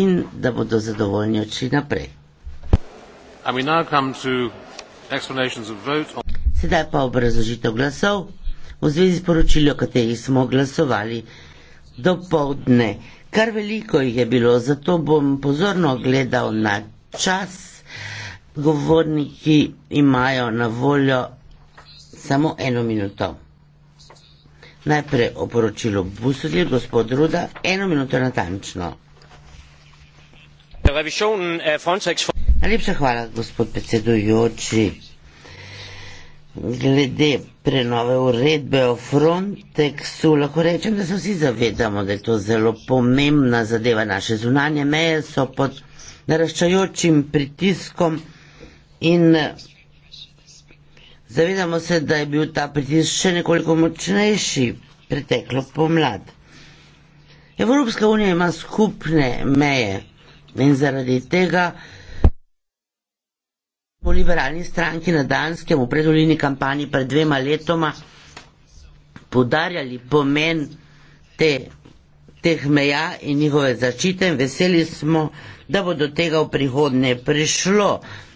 in da bodo zadovoljni odšli naprej. Sedaj pa obrazložitev glasov v zvezi s poročili, o kateri smo glasovali do povdne. Kar veliko jih je bilo, zato bom pozorno gledal na čas. Govorniki imajo na voljo samo eno minuto. Najprej o poročilu Busodil, gospod Ruda, eno minuto natančno. Eh, Najlepša hvala, gospod predsedujoči. Glede prenove uredbe o Frontexu, lahko rečem, da se vsi zavedamo, da je to zelo pomembna zadeva naše zunanje meje, so pod naraščajočim pritiskom in eh, zavedamo se, da je bil ta pritisk še nekoliko močnejši preteklo pomlad. Evropska unija ima skupne meje. In zaradi tega smo liberalni stranki na Danskem v predvoljeni kampanji pred dvema letoma podarjali pomen te, teh meja in njihove začite in veseli smo, da bo do tega v prihodnje prišlo.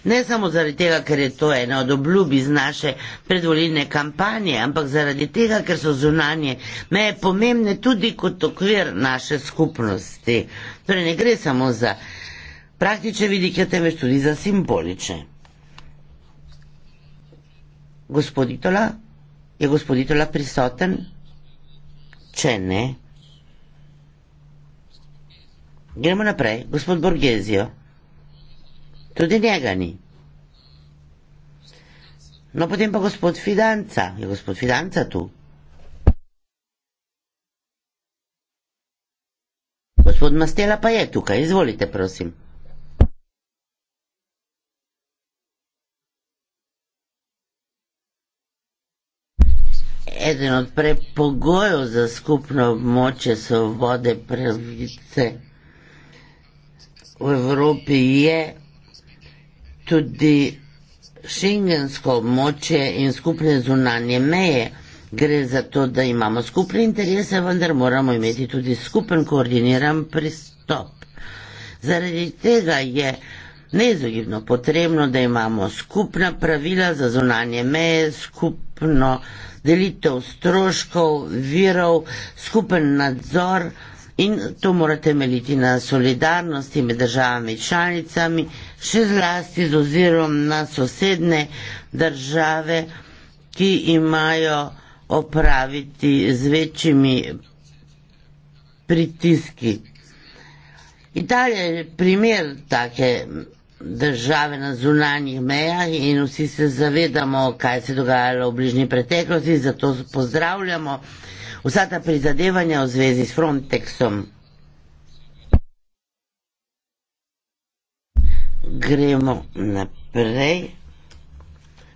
Ne samo zaradi tega, ker je to ena od obljub iz naše predvoljene kampanje, ampak zaradi tega, ker so zunanje meje pomembne tudi kot okvir naše skupnosti. Torej ne gre samo za praktične vidike, temveč tudi za simbolične. Gospoditola, je gospoditola prisoten? Če ne, gremo naprej, gospod Borgezijo. Tudi njega ni. No, potem pa gospod Fidanca. Je gospod Fidanca tu? Gospod Mastela pa je tukaj. Izvolite, prosim. Eden od prepogojev za skupno območje so vode, pravice. V Evropi je tudi šengensko območje in skupne zunanje meje. Gre za to, da imamo skupne interese, vendar moramo imeti tudi skupen koordiniran pristop. Zaradi tega je neizogibno potrebno, da imamo skupna pravila za zunanje meje, skupno delitev stroškov, virov, skupen nadzor in to mora temeljiti na solidarnosti med državami članicami, še zlasti z ozirom na sosedne države, ki imajo opraviti z večjimi pritiski. Italija je primer take države na zunanjih mejah in vsi se zavedamo, kaj se dogajalo v bližnji preteklosti, zato pozdravljamo vsa ta prizadevanja v zvezi s Frontexom. Gremo naprej.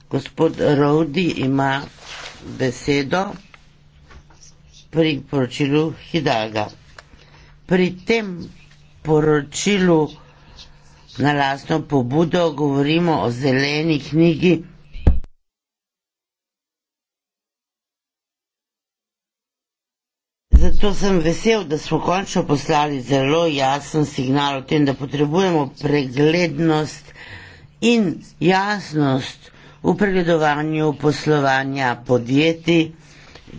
Gospod Rodi ima besedo pri poročilu Hidalga. Pri tem poročilu na lastno pobudo govorimo o zeleni knjigi Zato sem vesel, da smo končno poslali zelo jasen signal o tem, da potrebujemo preglednost in jasnost v pregledovanju poslovanja podjetij,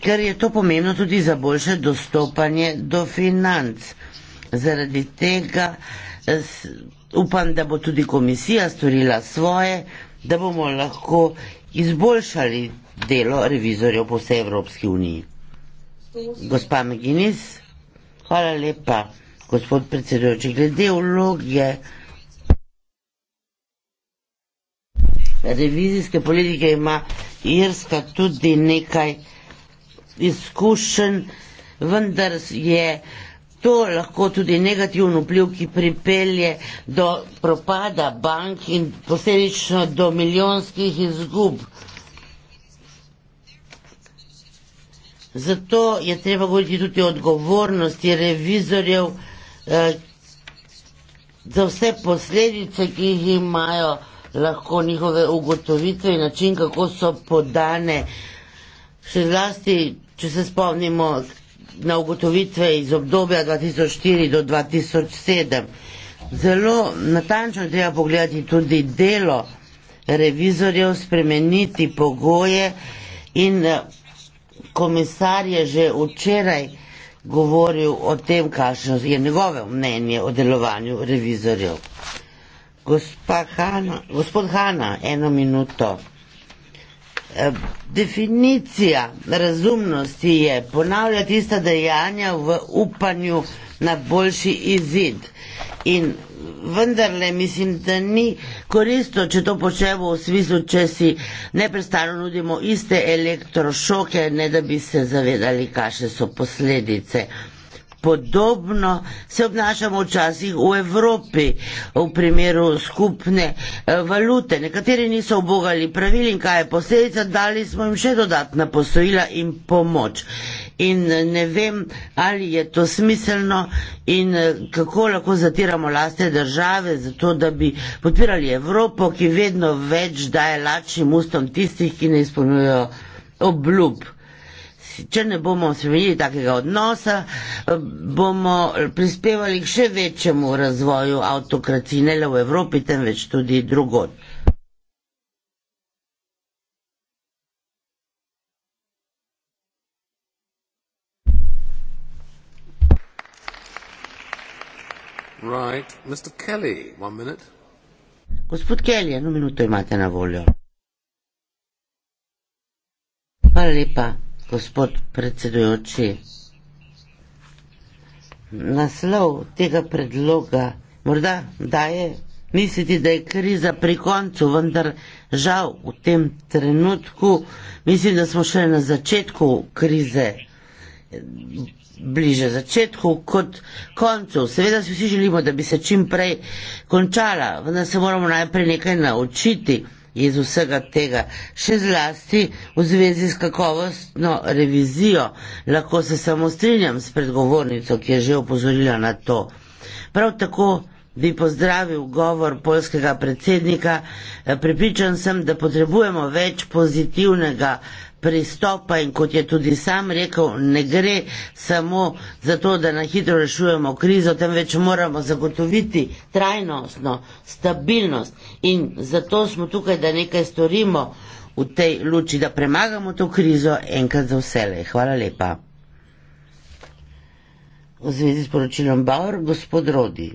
ker je to pomembno tudi za boljše dostopanje do financ. Zaradi tega upam, da bo tudi komisija storila svoje, da bomo lahko izboljšali delo revizorjev po vsej Evropski uniji. Gospa Meginis, hvala lepa, gospod predsedujoči. Glede vloge revizijske politike ima Irska tudi nekaj izkušenj, vendar je to lahko tudi negativen vpliv, ki pripelje do propada bank in posledično do milijonskih izgub. Zato je treba govoriti tudi o odgovornosti revizorjev eh, za vse posledice, ki jih imajo lahko njihove ugotovitve in način, kako so podane. Še zlasti, če se spomnimo na ugotovitve iz obdobja 2004 do 2007. Zelo natančno treba pogledati tudi delo revizorjev, spremeniti pogoje in eh, komisar je že včeraj govoril o tem, kakšno je njegove mnenje o delovanju revizorjev. Gospa Hana, gospod Hana, eno minuto definicija razumnosti je ponavljati ista dejanja v upanju na boljši izid. In vendarle mislim, da ni koristno, če to počnemo v smislu, če si neprestano nudimo iste elektrošoke, ne da bi se zavedali, kakšne so posledice. Podobno se obnašamo včasih v Evropi, v primeru skupne eh, valute. Nekateri niso obogali pravil in kaj je posledica, dali smo jim še dodatna posojila in pomoč. In eh, ne vem, ali je to smiselno in eh, kako lahko zatiramo lastne države, zato da bi podpirali Evropo, ki vedno več daje lačnim ustom tistih, ki ne izpolnjujejo obljub če ne bomo spremenili takega odnosa, bomo prispevali k še večjemu razvoju avtokracije, ne le v Evropi, temveč tudi drugod. Right. Mr. Kelly, one minute. Gospod Kelly, eno minuto imate na voljo. Hvala lepa gospod predsedujoči. Naslov tega predloga morda daje misliti, da je kriza pri koncu, vendar žal v tem trenutku mislim, da smo še na začetku krize, bliže začetku kot koncu. Seveda si vsi želimo, da bi se čim prej končala, vendar se moramo najprej nekaj naučiti iz vsega tega, še zlasti v zvezi s kakovostno revizijo, lahko se samo strinjam s predgovornico, ki je že opozorila na to. Prav tako bi pozdravil govor polskega predsednika, pripričan sem, da potrebujemo več pozitivnega pristopa in kot je tudi sam rekel, ne gre samo za to, da na hitro rešujemo krizo, temveč moramo zagotoviti trajnostno stabilnost in zato smo tukaj, da nekaj storimo v tej luči, da premagamo to krizo enkrat za vsele. Hvala lepa. V zvezi s poročilom Bauer, gospod Rodi.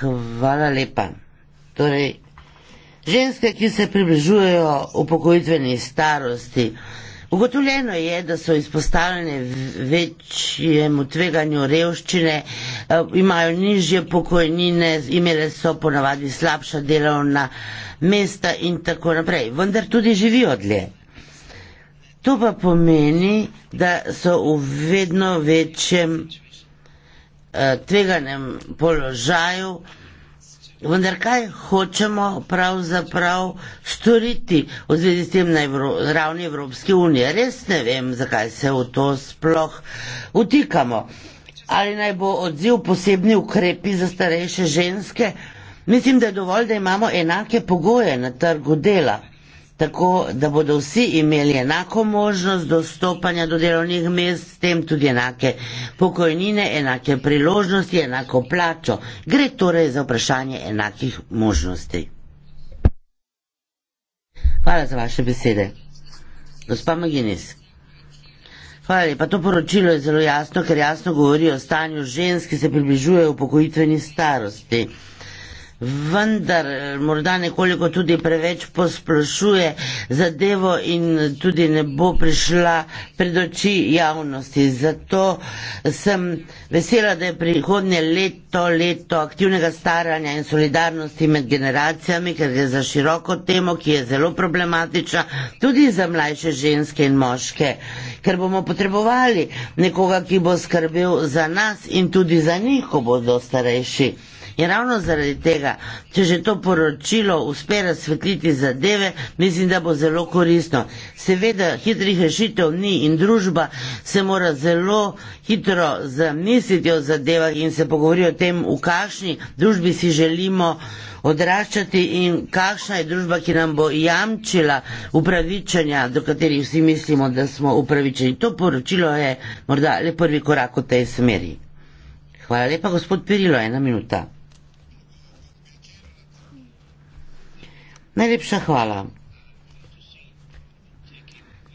Hvala lepa. Torej, ženske, ki se približujejo upokojitveni starosti, ugotovljeno je, da so izpostavljene večjemu tveganju revščine, eh, imajo nižje pokojnine, imele so ponavadi slabša delovna mesta in tako naprej, vendar tudi živijo dlje. To pa pomeni, da so v vedno večjem eh, tveganem položaju, Vendar kaj hočemo pravzaprav storiti v zvezi s tem na Evro, ravni Evropske unije? Res ne vem, zakaj se v to sploh utikamo. Ali naj bo odziv posebni ukrepi za starejše ženske? Mislim, da je dovolj, da imamo enake pogoje na trgu dela tako da bodo vsi imeli enako možnost dostopanja do delovnih mest, s tem tudi enake pokojnine, enake priložnosti, enako plačo. Gre torej za vprašanje enakih možnosti. Hvala za vaše besede. Gospa Maginis. Hvala lepa, to poročilo je zelo jasno, ker jasno govori o stanju žensk, ki se približujejo upokojitveni starosti vendar morda nekoliko tudi preveč posplošuje zadevo in tudi ne bo prišla pred oči javnosti. Zato sem vesela, da je prihodnje leto, leto aktivnega staranja in solidarnosti med generacijami, ker gre za široko temo, ki je zelo problematična tudi za mlajše ženske in moške, ker bomo potrebovali nekoga, ki bo skrbel za nas in tudi za njih, ko bodo starejši. In ravno zaradi tega, če že to poročilo uspe razsvetliti zadeve, mislim, da bo zelo koristno. Seveda, hitrih rešitev ni in družba se mora zelo hitro zamisliti o zadevah in se pogovoriti o tem, v kakšni družbi si želimo odraščati in kakšna je družba, ki nam bo jamčila upravičenja, do katerih vsi mislimo, da smo upravičeni. To poročilo je morda le prvi korak v tej smeri. Hvala lepa, gospod Pirilo, ena minuta. Najlepša hvala.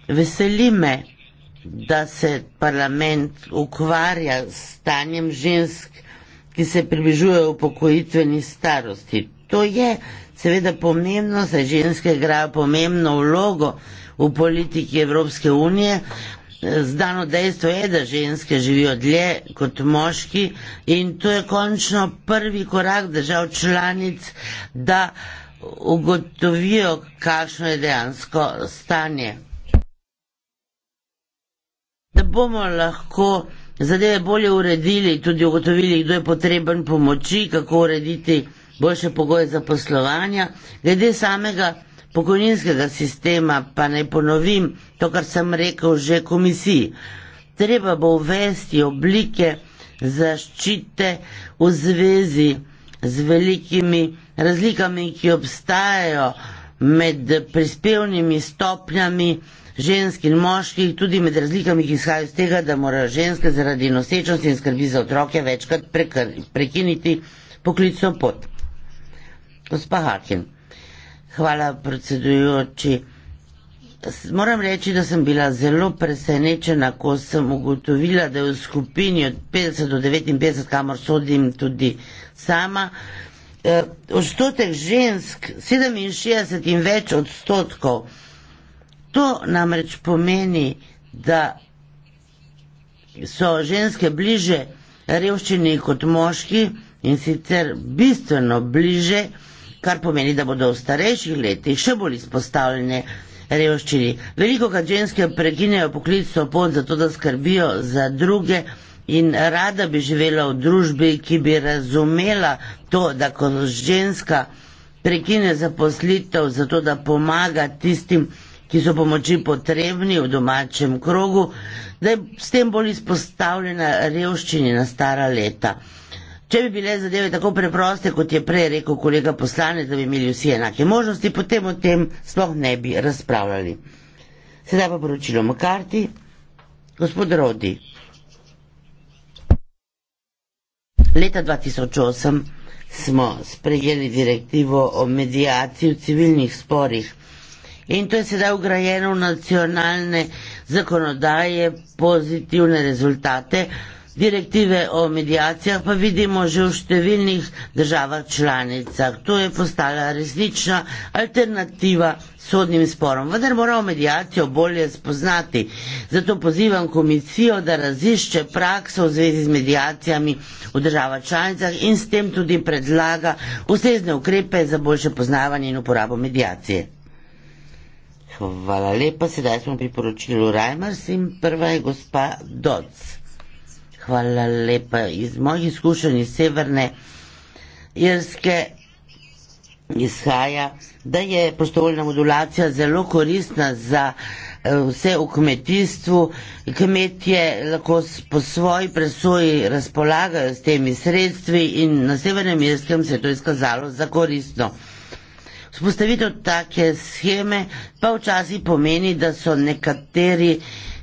Veseli me, da se parlament ukvarja s stanjem žensk, ki se približujejo v pokojitveni starosti. To je seveda pomembno, saj ženske igrajo pomembno vlogo v politiki Evropske unije. Zdano dejstvo je, da ženske živijo dlje kot moški in to je končno prvi korak držav članic, da ugotovijo, kakšno je dejansko stanje. Da bomo lahko zadeve bolje uredili, tudi ugotovili, kdo je potreben pomoči, kako urediti boljše pogoje za poslovanje. Glede samega pokojninskega sistema, pa naj ponovim to, kar sem rekel že komisiji. Treba bo uvesti oblike zaščite v zvezi z velikimi razlikami, ki obstajajo med prispevnimi stopnjami žensk in moških, tudi med razlikami, ki izhajajo iz tega, da morajo ženske zaradi nosečnosti in skrbi za otroke večkrat prekr, prekiniti poklicno pot. Gospa Hakin, hvala predsedujoči. Moram reči, da sem bila zelo presenečena, ko sem ugotovila, da je v skupini od 50 do 59, kamor sodim tudi sama, eh, odstotek žensk 67 in več odstotkov. To namreč pomeni, da so ženske bliže revščini kot moški in sicer bistveno bliže, kar pomeni, da bodo v starejših letih še bolj izpostavljene revščini. Veliko krat ženske prekinejo poklicno pot zato, da skrbijo za druge in rada bi živela v družbi, ki bi razumela to, da ko ženska prekine zaposlitev zato, da pomaga tistim, ki so pomoči potrebni v domačem krogu, da je s tem bolj izpostavljena revščini na stara leta. Če bi bile zadeve tako preproste, kot je prej rekel kolega poslanec, da bi imeli vsi enake možnosti, potem o tem sploh ne bi razpravljali. Sedaj pa poročilo Makarti. Gospod Rodi. Leta 2008 smo sprejeli direktivo o medijaciji v civilnih sporih in to je sedaj ugrajeno v nacionalne zakonodaje pozitivne rezultate direktive o medijacijah pa vidimo že v številnih državah članicah. To je postala resnična alternativa sodnim sporom. Vendar moramo medijacijo bolje spoznati. Zato pozivam komisijo, da razišče prakso v zvezi z medijacijami v državah članicah in s tem tudi predlaga ustrezne ukrepe za boljše poznavanje in uporabo medijacije. Hvala lepa. Sedaj smo pri poročilu Reimers in prva je gospa Dodds. Hvala lepa. Iz mojih izkušenj iz Severne Irske izhaja, da je prostovoljna modulacija zelo koristna za eh, vse v kmetijstvu. Kmetje lahko po svoji presoji razpolagajo s temi sredstvi in na Severnem Irskem se je to izkazalo za koristno. Vzpostavitev take scheme pa včasih pomeni, da so nekateri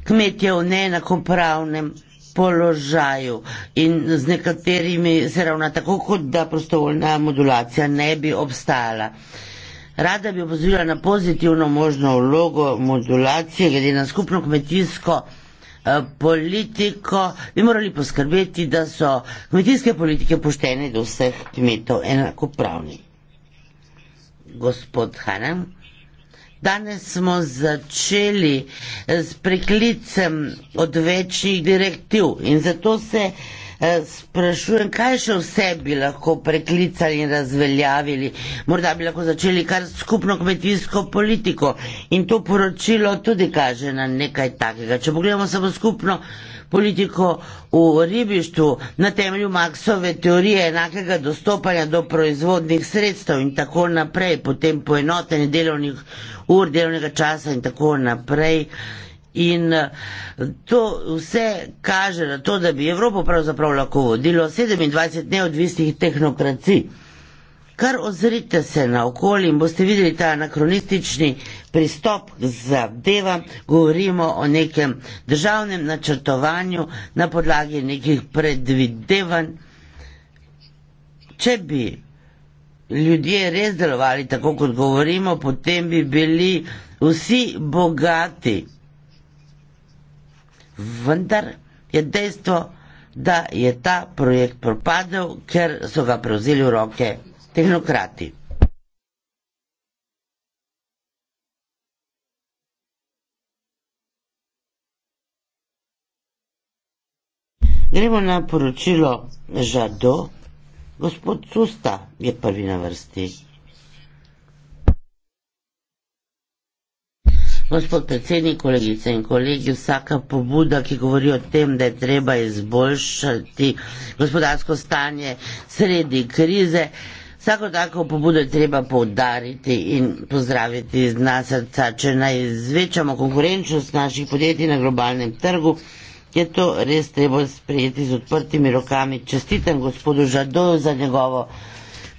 kmetje v neenakopravnem položaju položaju in z nekaterimi se ravna tako, kot da prostovoljna modulacija ne bi obstajala. Rada bi opozorila na pozitivno možno vlogo modulacije glede na skupno kmetijsko eh, politiko bi morali poskrbeti, da so kmetijske politike poštene do vseh kmetov enakopravni. Gospod Hanem. Danes smo začeli s preklicem odvečnih direktiv in zato se eh, sprašujem, kaj še vse bi lahko preklicali in razveljavili. Morda bi lahko začeli kar skupno kmetijsko politiko in to poročilo tudi kaže na nekaj takega. Če pogledamo samo skupno politiko v ribištvu na temelju Maksove teorije enakega dostopanja do proizvodnih sredstev in tako naprej, potem poenotenje delovnih ur delovnega časa in tako naprej. In eh, to vse kaže na to, da bi Evropo pravzaprav lahko vodilo 27 neodvisnih tehnokracij. Kar ozrite se na okolje in boste videli ta anakronistični pristop zadeva, govorimo o nekem državnem načrtovanju na podlagi nekih predvidevanj. Če bi ljudje res delovali tako, kot govorimo, potem bi bili vsi bogati. Vendar je dejstvo, da je ta projekt propadel, ker so ga prevzeli v roke tehnokrati. Gremo na poročilo Žado. Gospod Susta je prvi na vrsti. Gospod predsednik, kolegice in kolegi, vsaka pobuda, ki govori o tem, da je treba izboljšati gospodarsko stanje sredi krize, vsako tako pobudo je treba poudariti in pozdraviti iz nas srca, če naj zvečamo konkurenčnost naših podjetij na globalnem trgu je to res treba sprejeti z odprtimi rokami. Čestitam gospodu Žadoju za njegovo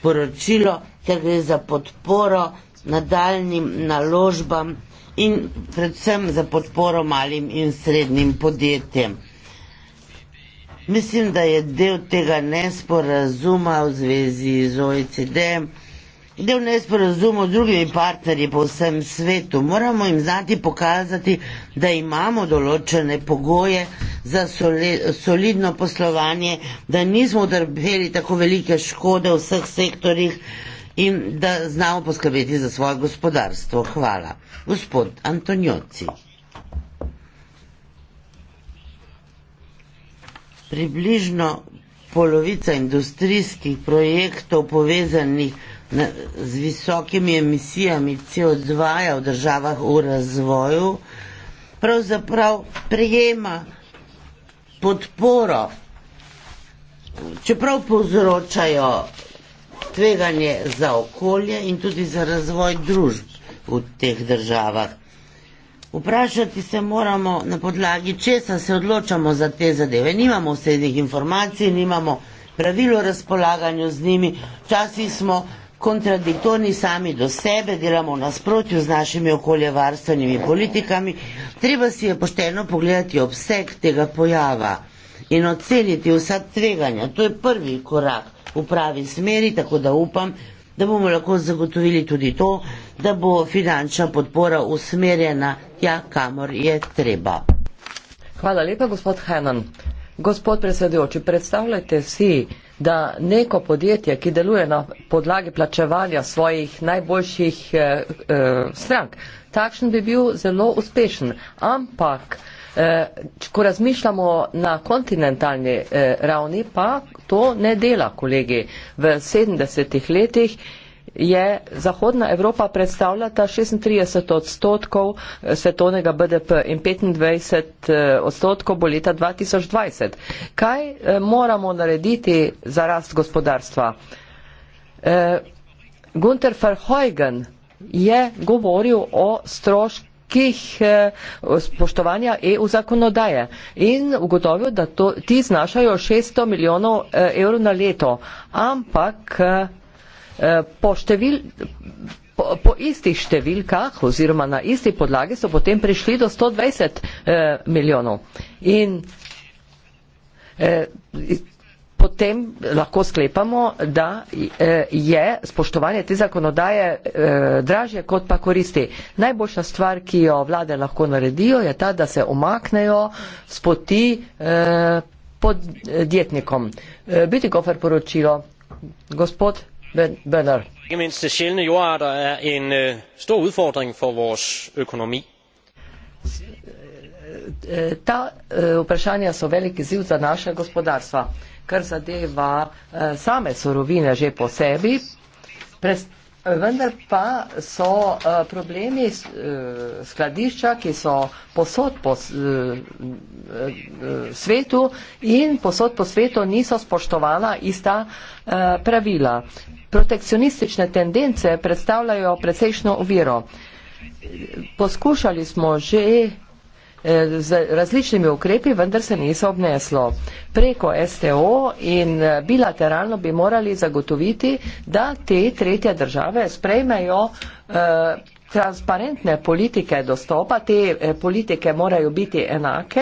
poročilo, ker gre za podporo nadaljnim naložbam in predvsem za podporo malim in srednjim podjetjem. Mislim, da je del tega nesporazuma v zvezi z OECD-em Del nesporazumov z drugimi partnerji po vsem svetu moramo jim znati pokazati, da imamo določene pogoje za solidno poslovanje, da nismo utrpeli tako velike škode v vseh sektorjih in da znamo poskrbeti za svoje gospodarstvo. Hvala. Gospod Antonioci. Približno polovica industrijskih projektov povezanih na, z visokimi emisijami CO2 ja v državah v razvoju, pravzaprav prejema podporo, čeprav povzročajo tveganje za okolje in tudi za razvoj družb v teh državah. Vprašati se moramo na podlagi česa se odločamo za te zadeve. Nimamo vsebnih informacij, nimamo pravilo razpolaganju z njimi. Včasih smo kontradiktorni sami do sebe, delamo v nasprotju z našimi okoljevarstvenimi politikami, treba si je pošteno pogledati obseg tega pojava in oceniti vsa tveganja. To je prvi korak v pravi smeri, tako da upam, da bomo lahko zagotovili tudi to, da bo finančna podpora usmerjena tja, kamor je treba. Hvala lepa, gospod Henan. Gospod predsedujoči, predstavljajte si, da neko podjetje, ki deluje na podlagi plačevanja svojih najboljših eh, eh, strank, takšen bi bil zelo uspešen. Ampak, eh, ko razmišljamo na kontinentalni eh, ravni, pa to ne dela, kolegi. V 70-ih letih je Zahodna Evropa predstavljata 36 odstotkov eh, svetovnega BDP in 25 eh, odstotkov bo leta 2020. Kaj eh, moramo narediti za rast gospodarstva? Gunter Verheugen je govoril o stroških spoštovanja EU zakonodaje in ugotovil, da to, ti znašajo 600 milijonov evrov na leto, ampak Eh, po, števil, po, po istih številkah oziroma na isti podlagi so potem prišli do 120 eh, milijonov. In eh, potem lahko sklepamo, da eh, je spoštovanje te zakonodaje eh, dražje kot pa koristi. Najboljša stvar, ki jo vlade lahko naredijo, je ta, da se omaknejo s poti eh, podjetnikom. Eh, biti gofer poročilo. Gospod Bernard. Ikke mindst de sjældne jordarter er en uh, stor udfordring for vores økonomi. Eh, ta uh, vprašanja so velik izziv za naše gospodarstva, kar zadeva uh, same sorovine že po sebi. Pres Vendar pa so uh, problemi uh, skladišča, ki so posod po uh, uh, svetu in posod po svetu niso spoštovala ista uh, pravila. Protekcionistične tendence predstavljajo precejšno uviro. Poskušali smo že uh, z različnimi ukrepi, vendar se niso obneslo. Preko STO in eh, bilateralno bi morali zagotoviti, da te tretje države sprejmejo eh, transparentne politike dostopa, te eh, politike morajo biti enake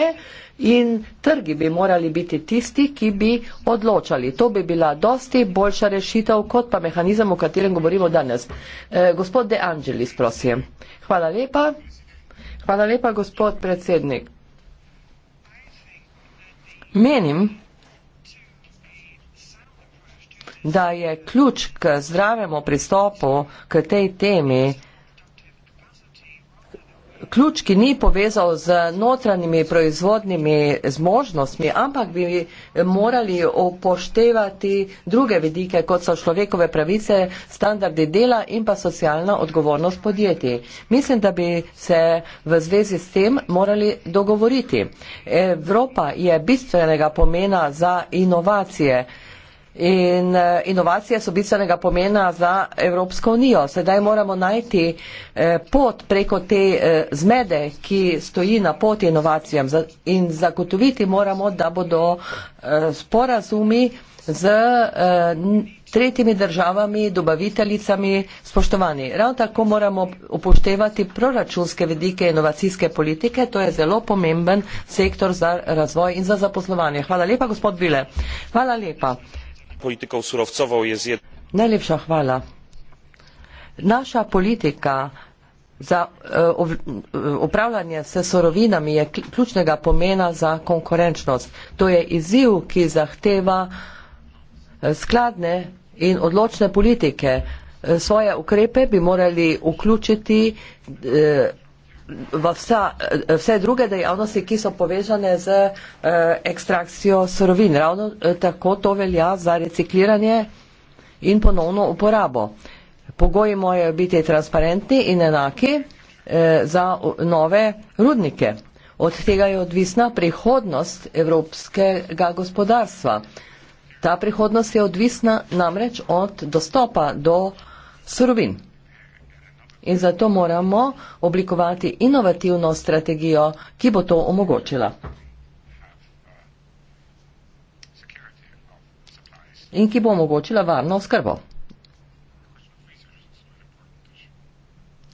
in trgi bi morali biti tisti, ki bi odločali. To bi bila dosti boljša rešitev, kot pa mehanizem, o katerem govorimo danes. Gospod De Angelis, prosim. Hvala lepa. Hvala lepa, gospod predsednik. Menim, da je ključ k zdravemu pristopu k tej temi ključ, ki ni povezal z notranjimi proizvodnimi zmožnostmi, ampak bi morali upoštevati druge vidike, kot so človekove pravice, standardi dela in pa socialna odgovornost podjetij. Mislim, da bi se v zvezi s tem morali dogovoriti. Evropa je bistvenega pomena za inovacije. In eh, inovacije so bistvenega pomena za Evropsko unijo. Sedaj moramo najti eh, pot preko te eh, zmede, ki stoji na poti inovacijam in zagotoviti moramo, da bodo sporazumi z tretjimi državami, dobaviteljicami spoštovani. Ravno tako moramo upoštevati proračunske vedike inovacijske politike, to je zelo pomemben sektor za razvoj in za zaposlovanje. Hvala lepa, gospod Bile. Hvala lepa polityką surowcową jest jed... Najlepsza chwala. Nasza polityka za e, e, upravljanje s sorovinami je ključnega pomena za konkurenčnost. To je izziv, ki zahteva e, skladne in odločne politike. Svoje ukrepe bi morali vključiti v vsa, eh, vse druge dejavnosti, ki so povezane z eh, ekstrakcijo sorovin. Ravno eh, tako to velja za recikliranje in ponovno uporabo. Pogoji morajo biti transparentni in enaki za nove rudnike. Od tega je odvisna prihodnost evropskega gospodarstva. Ta prihodnost je odvisna namreč od dostopa do surovin in zato moramo oblikovati inovativno strategijo, ki bo to omogočila. In ki bo omogočila varno oskrbo.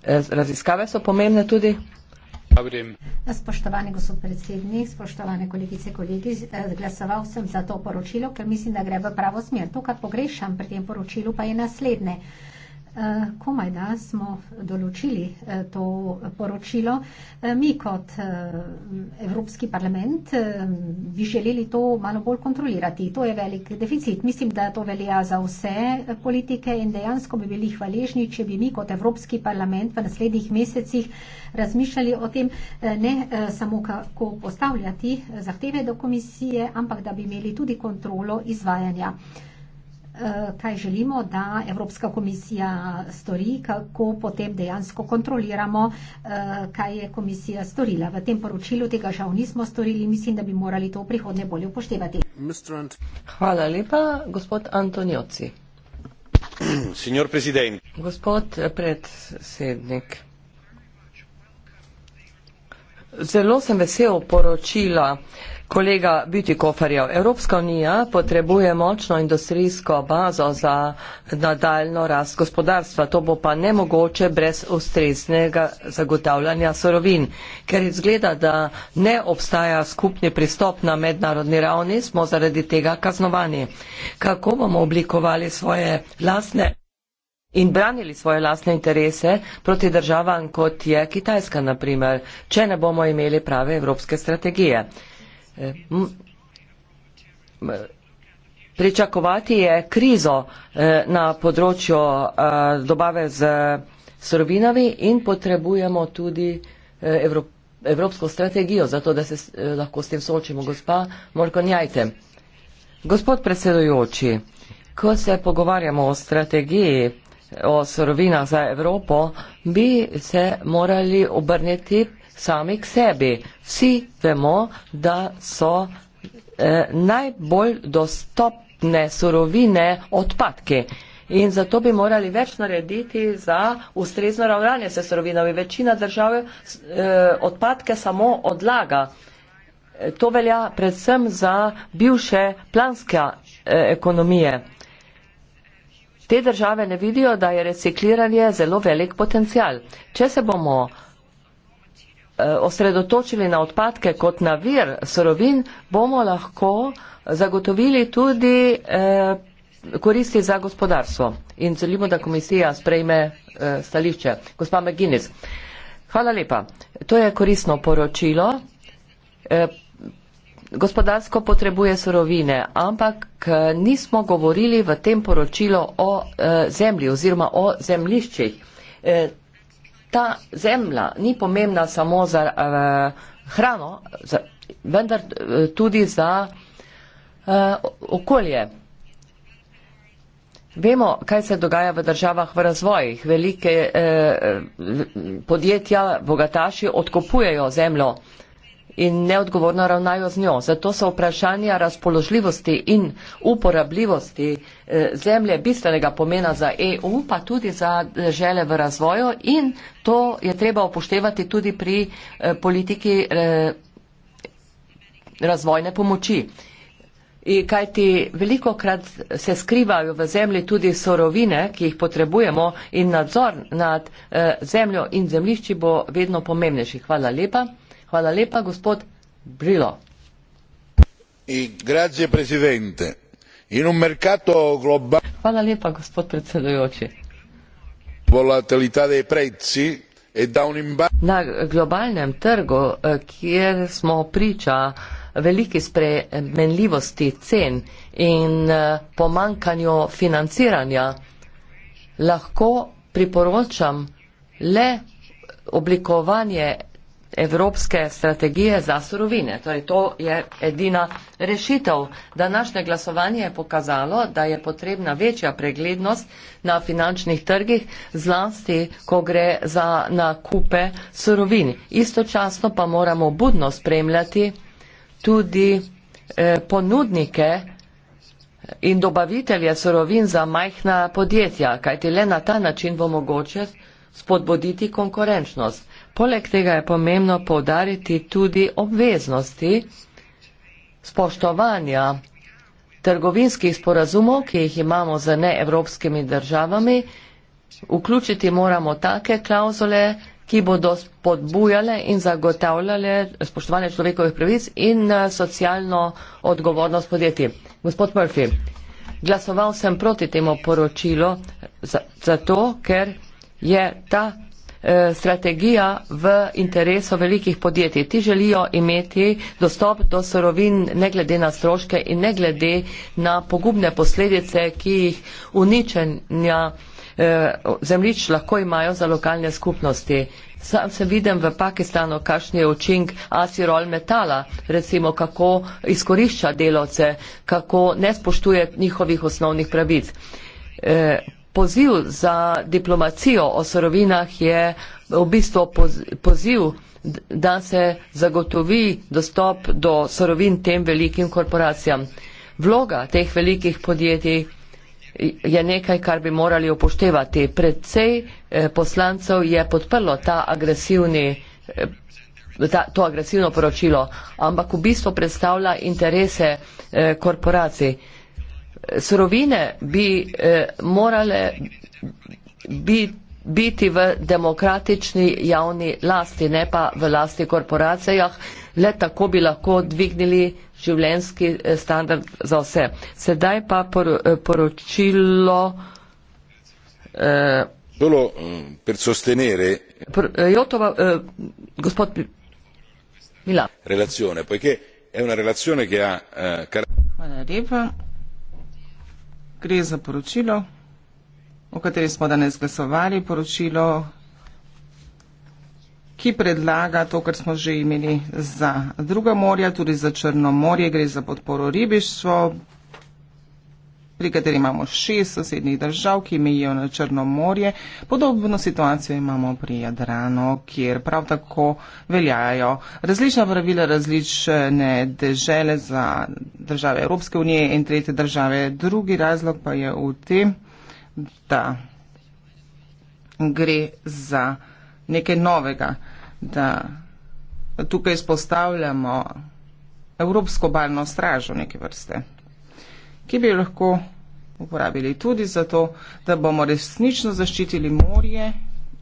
Eh, raziskave so pomembne tudi. Spoštovani gospod predsednik, spoštovane kolegice, kolegi, eh, glasoval sem za to poročilo, ker mislim, da gre v pravo smer. To, kar pogrešam pri tem poročilu, pa je naslednje. Eh, komaj da smo določili eh, to poročilo. Eh, mi kot Evropski parlament bi želeli to malo bolj kontrolirati. To je velik deficit. Mislim, da to velja za vse politike in dejansko bi bili hvaležni, če bi mi kot Evropski parlament v naslednjih mesecih razmišljali o tem, ne samo kako postavljati zahteve do komisije, ampak da bi imeli tudi kontrolo izvajanja. Eh, kaj želimo, da Evropska komisija stori, kako potem dejansko kontroliramo, eh, kaj je komisija storila. V tem poročilu tega žal nismo storili, mislim, da bi morali to v prihodnje bolje upoštevati. Hvala lepa, gospod Antonioci. Gospod predsednik, zelo sem vesel poročila. Uh, Kolega Bitikofarjev, Evropska unija potrebuje močno industrijsko bazo za nadaljno rast gospodarstva. To bo pa nemogoče brez ustreznega zagotavljanja sorovin. Ker izgleda, da ne obstaja skupni pristop na mednarodni ravni, smo zaradi tega kaznovani. Kako bomo oblikovali svoje lasne in branili svoje lasne interese proti državam, kot je Kitajska, naprimer, če ne bomo imeli prave evropske strategije? pričakovati je krizo eh, na področju eh, dobave z sorovinami in potrebujemo tudi eh, evropsko strategijo, zato da se lahko s tem soočimo. Gospa Morkonjajte. Gospod predsedujoči, ko se pogovarjamo o strategiji, o sorovinah za Evropo, bi se morali obrniti pravi, sami k sebi. Vsi vemo, da so eh, najbolj dostopne surovine odpadki. In zato bi morali več narediti za ustrezno ravnanje se surovinami. Večina držav eh, odpadke samo odlaga. Eh, to velja predvsem za bivše planske eh, ekonomije. Te države ne vidijo, da je recikliranje zelo velik potencial. Če se bomo eh, Eh, osredotočili na odpadke kot na vir sorovin, bomo lahko zagotovili tudi eh, koristi za gospodarstvo. In želimo, da komisija sprejme eh, stališče. Gospa McGinnis, hvala lepa. To je koristno poročilo. Gospodarsko potrebuje sorovine, ampak nismo govorili v tem poročilu o zemlji oziroma o zemliščih ta zemlja ni pomembna samo za uh, hrano, za, vendar eh, tudi za uh, okolje. Vemo, kaj se dogaja v državah v razvojih. Velike eh, podjetja, bogataši odkopujejo zemljo, eh, in neodgovorno ravnajo z njo. Zato so vprašanja razpoložljivosti in uporabljivosti eh, zemlje bistvenega pomena za EU, pa tudi za žele v razvoju in to je treba upoštevati tudi pri eh, politiki eh, razvojne pomoči. Kajti veliko krat se skrivajo v zemlji tudi sorovine, ki jih potrebujemo in nadzor nad zemljo in zemljišči bo vedno pomembnejši. Hvala lepa. Hvala lepa, gospod Brilo. E, Hvala lepa, gospod predsedujoči. E Na globalnem trgu, eh, kjer smo priča veliki spremenljivosti cen in eh, pomankanju financiranja, lahko priporočam le oblikovanje evropske strategije za surovine. Torej, to je edina rešitev. Današnje glasovanje je pokazalo, da je potrebna večja preglednost na finančnih trgih, zlasti, ko gre za nakupe surovin. Istočasno pa moramo budno spremljati tudi eh, ponudnike eh, in dobavitelje surovin za majhna podjetja, kajti le na ta način bo mogoče spodbuditi konkurenčnost. Poleg tega je pomembno povdariti tudi obveznosti spoštovanja trgovinskih sporazumov, ki jih imamo z neevropskimi državami. Vključiti moramo take klauzule, ki bodo spodbujale in zagotavljale spoštovanje človekovih pravic in eh, socialno odgovornost podjetij. Gospod Murphy, glasoval sem proti temu poročilu, zato ker je ta Eh, strategija v interesu velikih podjetij. Ti želijo imeti dostop do sorovin ne glede na stroške in ne glede na pogubne posledice, ki jih uničenja eh, zemlič lahko imajo za lokalne skupnosti. Sam se vidim v Pakistanu, kakšen je učink asirol metala, recimo kako izkorišča delovce, kako ne spoštuje njihovih osnovnih pravic. Eh, poziv za diplomacijo o sorovinah je v bistvu poziv, da se zagotovi dostop do sorovin tem velikim korporacijam. Vloga teh velikih podjetij je nekaj, kar bi morali upoštevati. Predvsej eh, poslancev je podprlo ta agresivni. Eh, ta, to agresivno poročilo, ampak v bistvu predstavlja interese eh, korporacij. Eh, surovine bi eh, morale biti biti v demokratični javni lasti, ne pa v lasti korporacijah, le tako bi lahko dvignili življenski eh, standard za vse. Sedaj pa por, eh, poročilo. Eh, Solo eh, per sostenere. Por, eh, Jotova, eh, gospod Milan. Relazione, poiché è una relazione che ha. Eh, kar... Hvala lepa. Gre za poročilo, o katerem smo danes glasovali, poročilo, ki predlaga to, kar smo že imeli za druga morja, tudi za Črno morje, gre za podporo ribištvo, pri kateri imamo šest sosednih držav, ki mejijo na Črno morje. Podobno situacijo imamo pri Jadranu, kjer prav tako veljajo različna pravila različne dežele za države Evropske unije in tretje države. Drugi razlog pa je v tem, da gre za nekaj novega, da tukaj izpostavljamo Evropsko barno stražo neke vrste ki bi jo lahko uporabili tudi zato, da bomo resnično zaščitili morje,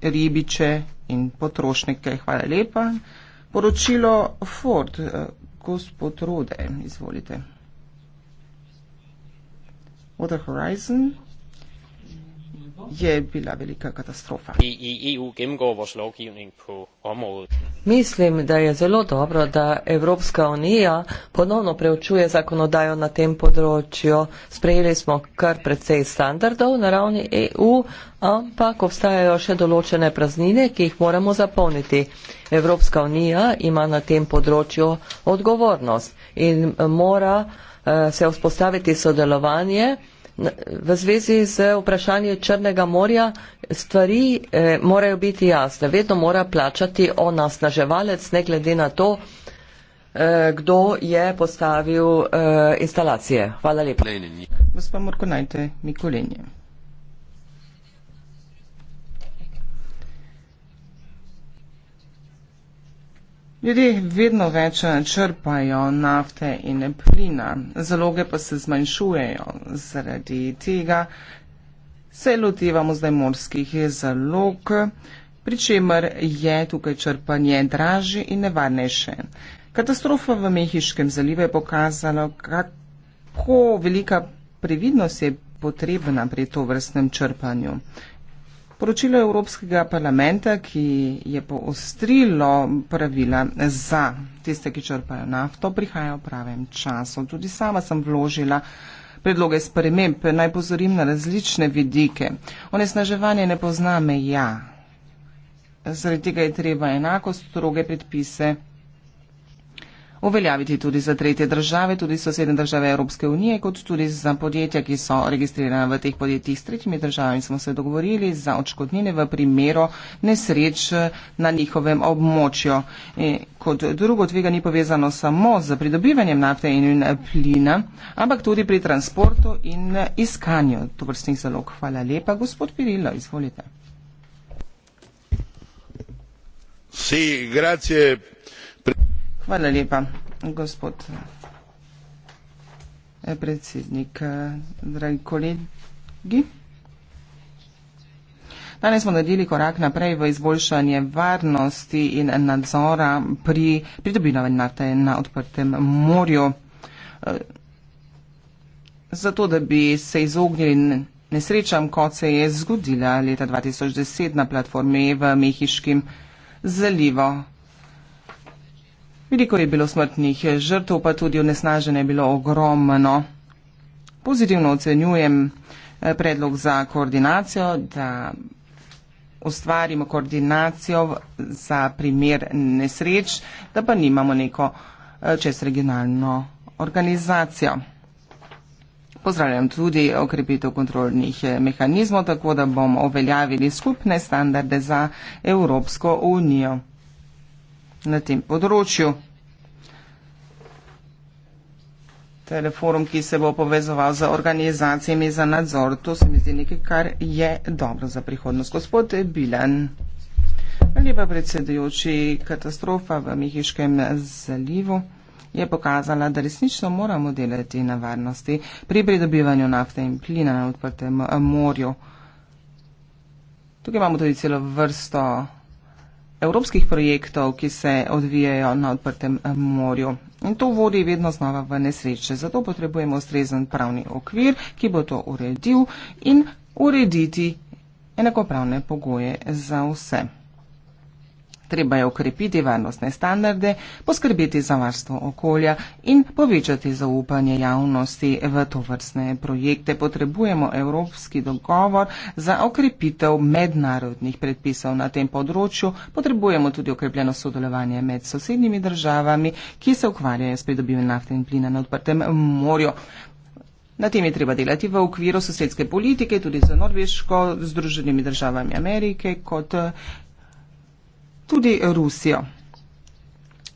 ribiče in potrošnike. Hvala lepa. Poročilo Ford, eh, gospod Rode, izvolite. Water Horizon je bila velika katastrofa. E Mislim, da je zelo dobro, da Evropska unija ponovno preučuje zakonodajo na tem področju. Sprejeli smo kar precej standardov na ravni EU, ampak obstajajo še določene praznine, ki jih moramo zapolniti. Evropska unija ima na tem področju odgovornost in mora eh, se vzpostaviti sodelovanje v zvezi z vprašanjem Črnega morja, stvari eh, morajo biti jasne. Vedno mora plačati on osnaževalec, ne glede na to, eh, kdo je postavil eh, instalacije. Hvala lepa. Gospod Morko, najte mi kolenje. Ljudje vedno več črpajo nafte in plina, zaloge pa se zmanjšujejo. Zaradi tega se lotevamo zdaj morskih zalog, pri čemer je tukaj črpanje dražje in nevarnejše. Katastrofa v Mehiškem zalivu je pokazala, kako velika previdnost je potrebna pri to vrstnem črpanju. Poročilo Evropskega parlamenta, ki je poostrilo pravila za tiste, ki črpajo nafto, prihaja v pravem času. Tudi sama sem vložila predloge sprememb, naj pozorim na različne vidike. Onesnaževanje ne pozna meja. Zaradi tega je treba enako stroge predpise uveljaviti tudi za tretje države, tudi sosedne države Evropske unije, kot tudi za podjetja, ki so registrirana v teh podjetjih s tretjimi državami. Smo se dogovorili za očkodnine v primeru nesreč na njihovem območju. E, kot drugo, tvega ni povezano samo z pridobivanjem nafte in plina, ampak tudi pri transportu in iskanju tovrstnih zalog. Hvala lepa, gospod Pirillo, izvolite. Sì, grazie Hvala lepa, gospod eh, predsednik. Eh, dragi kolegi, danes smo naredili korak naprej v izboljšanje varnosti in nadzora pri pridobivanju na, na odprtem morju. Eh, zato, da bi se izognili nesrečam, kot se je zgodila leta 2010 na platformi v Mehiškem zalivu. Veliko je bilo smrtnih žrtev, pa tudi onesnažene je bilo ogromno. Pozitivno ocenjujem eh, predlog za koordinacijo, da ustvarimo koordinacijo za primer nesreč, da pa nimamo neko eh, čestregionalno organizacijo. Pozdravljam tudi okrepitev kontrolnih eh, mehanizmov, tako da bomo uveljavili skupne standarde za Evropsko unijo na tem področju. Teleforum, ki se bo povezoval z organizacijami za nadzor, to se mi zdi nekaj, kar je dobro za prihodnost. Gospod Bilan, lepa predsedujoči, katastrofa v Mihiškem zalivu je pokazala, da resnično moramo delati na varnosti pri pridobivanju nafte in plina na odprtem morju. Tukaj imamo tudi celo vrsto evropskih projektov, ki se odvijajo na odprtem eh, morju. In to vodi vedno znova v nesreče. Zato potrebujemo ustrezen pravni okvir, ki bo to uredil in urediti enakopravne pogoje za vse. Treba je ukrepiti varnostne standarde, poskrbeti za varstvo okolja in povečati zaupanje javnosti v to vrstne projekte. Potrebujemo evropski dogovor za okrepitev mednarodnih predpisov na tem področju. Potrebujemo tudi okrepljeno sodelovanje med sosednjimi državami, ki se ukvarjajo s pridobivanjem nafte in plina na odprtem morju. Na tem je treba delati v okviru sosedske politike, tudi za Norveško, Združenimi državami Amerike, kot tudi Rusijo.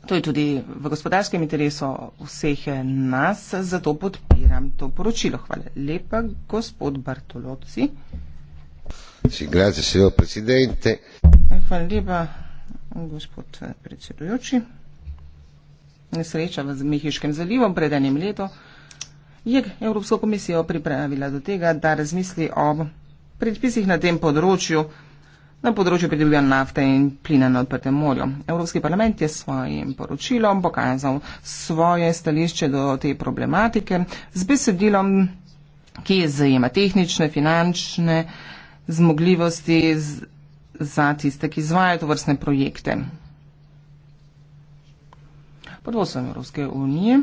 To je tudi v gospodarskem interesu vseh nas, zato podpiram to poročilo. Hvala lepa, gospod Bartoloci. Hvala lepa, gospod predsedujoči. Nesreča v Mehiškem zalivu pred enim letom je Evropsko komisijo pripravila do tega, da razmisli o predpisih na tem področju na področju pridobivanja nafte in plina na odprtem morju. Evropski parlament je s svojim poročilom pokazal svoje stališče do te problematike z besedilom, ki zajema tehnične, finančne zmogljivosti za tiste, ki izvajajo to vrstne projekte. Pod vodstvom Evropske unije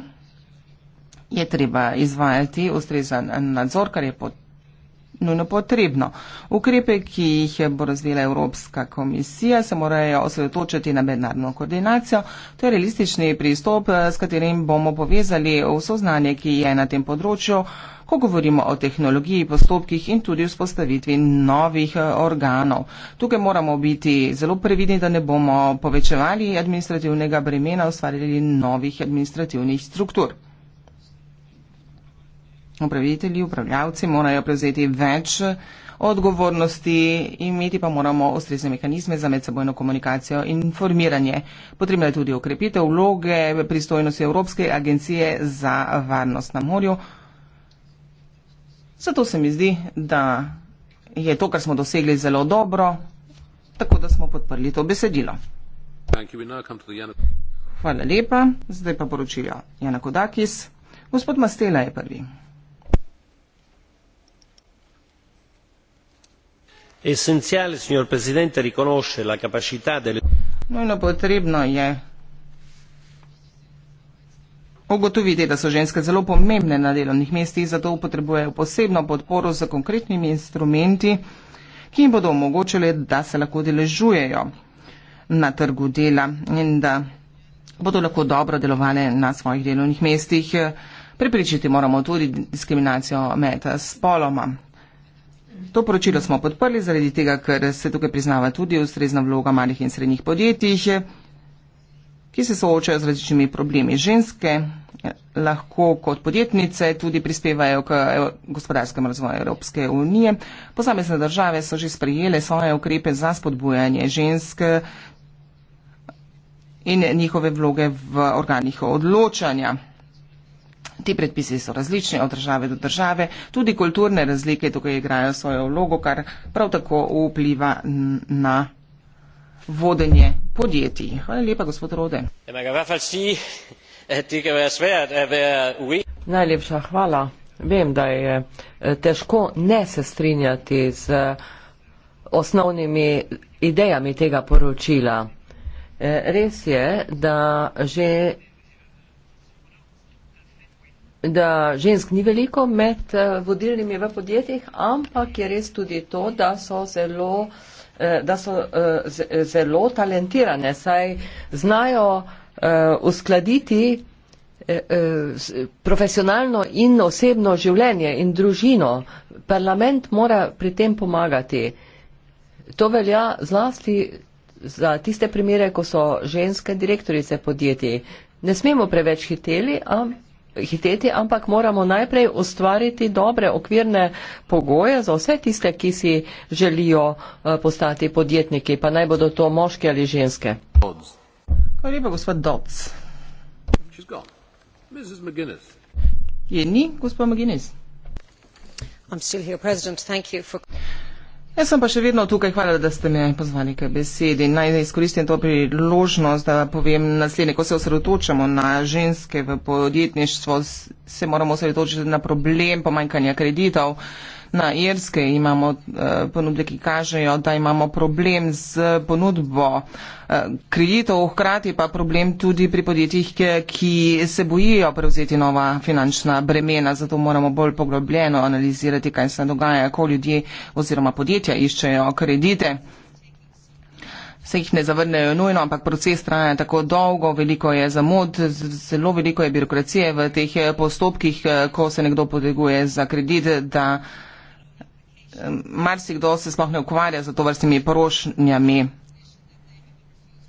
je treba izvajati ustrezan nadzor, kar je potrebno nujno potrebno. Ukrepe, ki jih bo razvila Evropska komisija, se morajo osredotočiti na mednarodno koordinacijo, to je realistični pristop, s katerim bomo povezali vso znanje, ki je na tem področju, ko govorimo o tehnologiji, postopkih in tudi vzpostavitvi novih eh, organov. Tukaj moramo biti zelo previdni, da ne bomo povečevali administrativnega bremena, ustvarjali novih administrativnih struktur. Upravitelji, upravljavci morajo prevzeti več eh, odgovornosti, imeti pa moramo ustrezne mehanizme za medsebojno komunikacijo in informiranje. Potrebna je tudi okrepitev vloge pristojnosti Evropske agencije za varnost na morju. Zato se mi zdi, da je to, kar smo dosegli, zelo dobro, tako da smo podprli to besedilo. Hvala lepa. Zdaj pa poročilo Jana Kodakis. Gospod Mastela je prvi. nujno potrebno je ugotoviti da so ženske zelo pomembne na delovnih mestih zato potrebujejo posebno podporo s konkretnimi instrumenti ki jim bodo omogočili da se lahko deležujejo na trgu dela in da bodo lahko dobro delovale na svojih delovnih mestih. Prepričiti moramo tudi diskriminacijo med spoloma. To poročilo smo podprli zaradi tega, ker se tukaj priznava tudi ustrezna vloga malih in srednjih podjetij, ki se soočajo z različnimi problemi. Ženske eh, lahko kot podjetnice tudi prispevajo k eh, gospodarskemu razvoju Evropske unije. Posamezne države so že sprejele svoje ukrepe za spodbujanje žensk eh, in njihove vloge v organih odločanja. Ti predpisi so različni od države do države, tudi kulturne razlike tukaj igrajo svojo vlogo, kar prav tako vpliva na vodenje podjetij. Hvala lepa, gospod Rode. Ja, Najlepša hvala. Vem, da je eh, težko ne se strinjati z eh, osnovnimi idejami tega poročila. Eh, res je, da že da žensk ni veliko med eh, vodilnimi v podjetjih, ampak je res tudi to, da so zelo, eh, da so eh, zelo talentirane, saj znajo uskladiti profesionalno in osebno življenje in družino. Parlament mora pri tem pomagati. To velja zlasti za tiste primere, ko so ženske direktorice podjetij. Ne smemo preveč hiteli, ampak hiteti, ampak moramo najprej ustvariti dobre okvirne pogoje za vse tiste, ki si želijo eh, postati podjetniki, pa naj bodo to moški ali ženske. Hvala lepa, gospod Dodds. Je ni, gospod McGuinness? I'm still here, President. Thank you for... Jaz sem pa še vedno tukaj, hvala, da ste me pozvali k besedi. Naj izkoristim to priložnost, da povem naslednje, ko se osredotočamo na ženske v podjetništvo, se moramo osredotočiti na problem pomanjkanja kreditov na Irske imamo eh, ponudbe, ki kažejo, da imamo problem z ponudbo eh, kreditov, hkrati pa problem tudi pri podjetjih, ki se bojijo prevzeti nova finančna bremena. Zato moramo bolj poglobljeno analizirati, kaj se dogaja, ko ljudje oziroma podjetja iščejo kredite. Se jih ne zavrnejo nujno, ampak proces traja tako dolgo, veliko je zamud, zelo veliko je birokracije v teh postopkih, eh, ko se nekdo podeguje za kredit, da uh, marsikdo se sploh ne ukvarja z to vrstnimi porošnjami.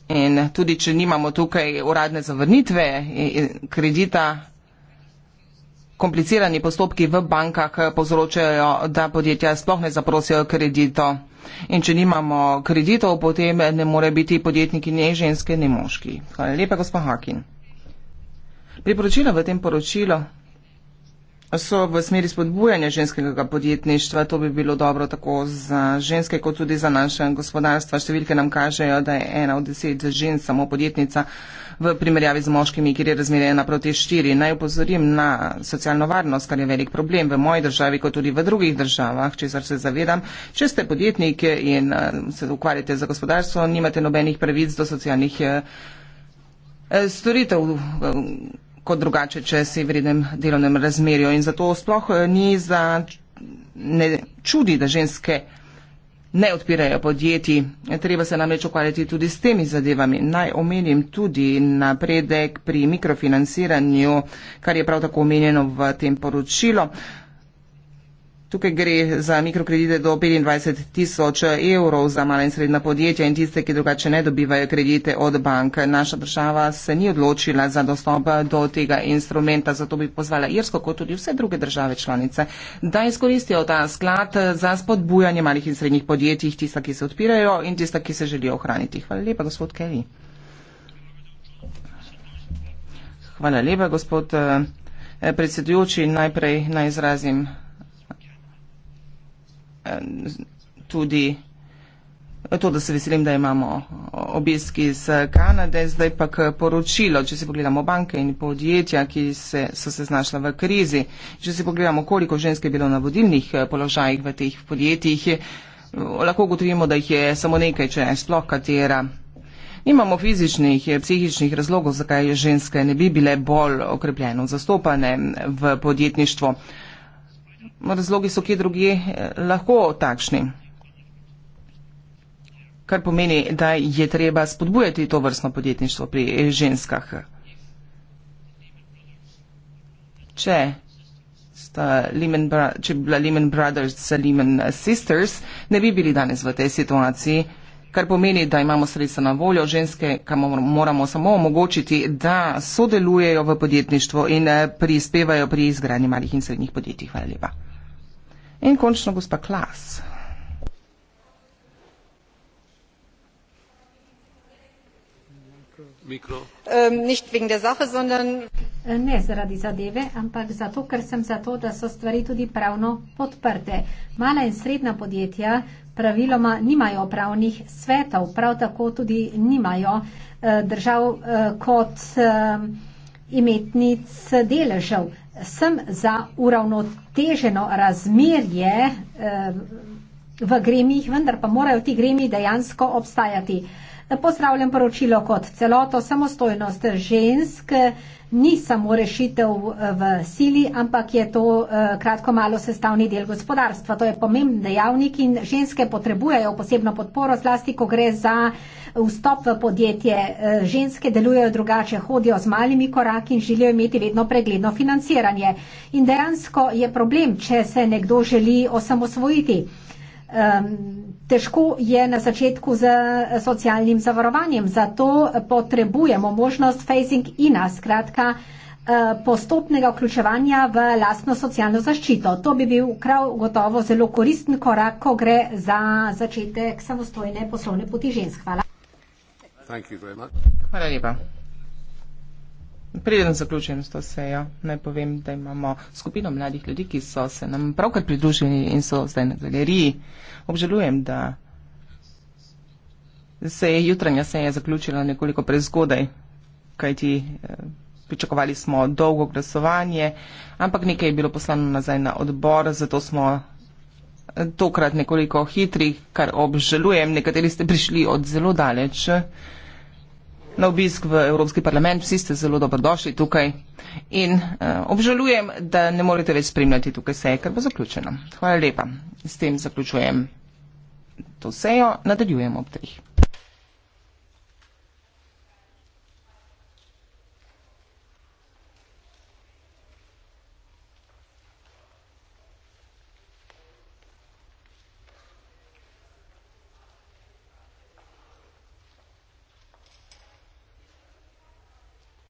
In tudi, če nimamo tukaj uradne zavrnitve kredita, komplicirani postopki v bankah povzročajo, da podjetja sploh ne zaprosijo kredito. In če nimamo kreditov, potem ne more biti podjetniki ne ženske, ne moški. Hvala lepa, gospod Hakin. Priporočilo v tem poročilu. So v smeri spodbujanja ženskega podjetništva, to bi bilo dobro tako za ženske, kot tudi za naše gospodarstva. Številke nam kažejo, da je ena od deset žen samo podjetnica v primerjavi z moškimi, kjer je razmerje ena proti štiri. Naj upozorim na socialno varnost, kar je velik problem v moji državi, kot tudi v drugih državah, če se zavedam. Če ste podjetnik in eh, se ukvarjate za gospodarstvo, nimate nobenih pravic do socialnih eh, eh, storitev kot drugače, če si vreden delovnem razmerju. In zato sploh eh, ni za ne čudi, da ženske ne odpirajo podjetij. Treba se namreč ukvarjati tudi s temi zadevami. Naj omenim tudi napredek pri mikrofinanciranju, kar je prav tako omenjeno v tem poročilu. Tukaj gre za mikrokredite do 25 tisoč evrov za mala in srednja podjetja in tiste, ki drugače ne dobivajo kredite od bank. Naša država se ni odločila za dostop do tega instrumenta, zato bi pozvala Irsko, kot tudi vse druge države članice, da izkoristijo ta sklad za spodbujanje malih in srednjih podjetij, tista, ki se odpirajo in tista, ki se želijo ohraniti. Hvala lepa, gospod Kevi. Hvala lepa, gospod eh, predsedujoči. Najprej naj izrazim tudi to, da se veselim, da imamo obisk iz Kanade. Zdaj pa k poročilo, če si pogledamo banke in podjetja, ki se, so se znašla v krizi, če si pogledamo, koliko žensk je bilo na vodilnih eh, položajih v teh podjetjih, eh, lahko ugotovimo, da jih je samo nekaj, če je sploh katera. Nimamo fizičnih, eh, psihičnih razlogov, zakaj ženske ne bi bile bolj okrepljeno zastopane v podjetništvo razlogi so kje drugje eh, lahko takšni. Kar pomeni, da je treba spodbujati to vrstno podjetništvo pri ženskah. Če, Lehman, če bi bila Lehman Brothers, Lehman Sisters, ne bi bili danes v tej situaciji, kar pomeni, da imamo sredstva na voljo, ženske, kam moramo samo omogočiti, da sodelujejo v podjetništvu in eh, prispevajo pri izgradnji malih in srednjih podjetij. Hvala lepa. In končno gospa Klas. Mikro. E, ne zaradi zadeve, ampak zato, ker sem za to, da so stvari tudi pravno podprte. Mala in srednja podjetja praviloma nimajo pravnih svetov, prav tako tudi nimajo e, držav e, kot imetnic deležev sem za uravnoteženo razmerje eh, v gremijih, vendar pa morajo ti gremiji dejansko obstajati. Pozdravljam poročilo kot celoto. Samostojnost žensk ni samo rešitev eh, v sili, ampak je to eh, kratko malo sestavni del gospodarstva. To je pomemben dejavnik in ženske potrebujejo posebno podporo, zlasti ko gre za vstop v podjetje. Eh, ženske delujejo drugače, hodijo z malimi koraki in želijo imeti vedno pregledno financiranje. In dejansko je problem, če se nekdo želi osamosvojiti um, težko je na začetku z eh, socialnim zavarovanjem. Zato potrebujemo možnost phasing ina, skratka eh, postopnega vključevanja v lastno socialno zaščito. To bi bil krav gotovo zelo koristen korak, ko gre za začetek samostojne poslovne poti žensk. Hvala. Hvala lepa. Preden zaključim s to sejo, naj povem, da imamo skupino mladih ljudi, ki so se nam pravkar pridružili in so zdaj na galeriji. Obžalujem, da se je jutranja seja zaključila nekoliko prezgodaj, kajti eh, pričakovali smo dolgo glasovanje, ampak nekaj je bilo poslano nazaj na odbor, zato smo eh, tokrat nekoliko hitri, kar obžalujem. Nekateri ste prišli od zelo daleč na obisk v Evropski parlament, vsi ste zelo dobrodošli tukaj in uh, obžalujem, da ne morete več spremljati tukaj seje, ker bo zaključeno. Hvala lepa. S tem zaključujem to sejo. Nadaljujemo ob treh.